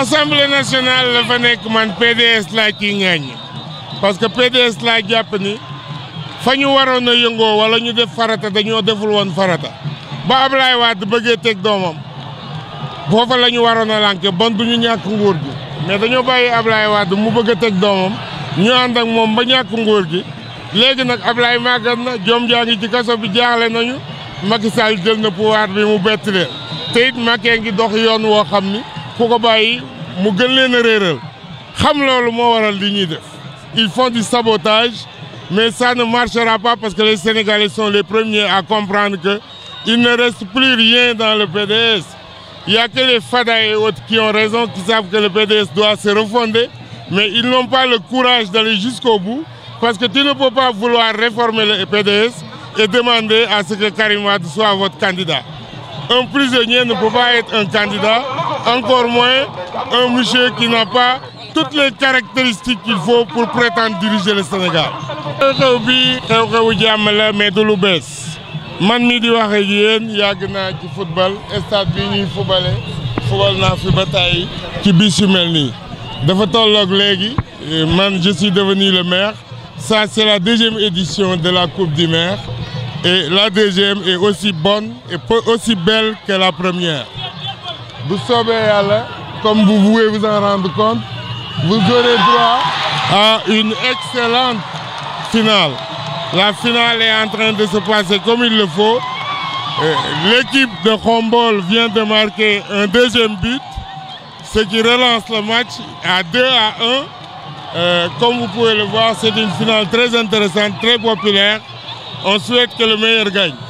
assemblée nationale la fa nekk man PDS laa ciy ŋaaññi parce que PDS laa jàpp ni fa ñu waroon a yëngoo wala ñu def farata dañoo deful woon farata ba Ablaye Wade bëggee teg doomam foofa la ñu waroon a lànk bon du ñu ñàkk nguur gi mais dañoo bàyyi Ablaye Wade mu bëgg a teg doomam ñu ànd ak moom ba ñàkk nguur gi léegi nag Ablaye màggat na jom jaa ngi ci kaso bi jaaxle nañu Macky Sall jël na pouvoir bi mu bett leen te ngi dox yoon woo xam ni ku ko bàyyi mu gën leen a réeral xam loolu moo waral li ñuy def il font du sabotage mais ça ne marchera pas parce que les Sénégalais sont les premiers à comprendre que il ne reste plus rien dans le PDS il y a que les Fada et autres raison qui savent que le PDS doit se refonder mais ils n'ont pas le courage d'aller jusqu'au parce que tu ne peux pas vouloir réformer le PDS et demander à ce que Karim Wade soit votre candidat. Un prisonnier ne peut être un candidat, encore moins un monsieur qui n'a pas toutes les caractéristiques qu'il faut pour prétendre diriger le Sénégal. xew-xew bi xew-xewu la mais de lu man mii di wax ak yéen yàgg ci football stade bi ñuy fubale fubal naa fi ba ci bis yu mel nii. dafa tolloog léegi man je suis devenu le maire ça c'est la deuxième édition de la coupe du maire et la deuxième est aussi bonne et aussi belle que la première bu soobee yàlla comme vous pouvez vous en rendre compte vous aurez droit à une excellente finale la finale est en train de se passer comme il le faut l'équipe de Khombole vient de marquer un deuxième but ce qui relance le match à à 1. Euh, le voir, c'est une finale très intéressante, très populaire. On souhaite que le meilleur gagne.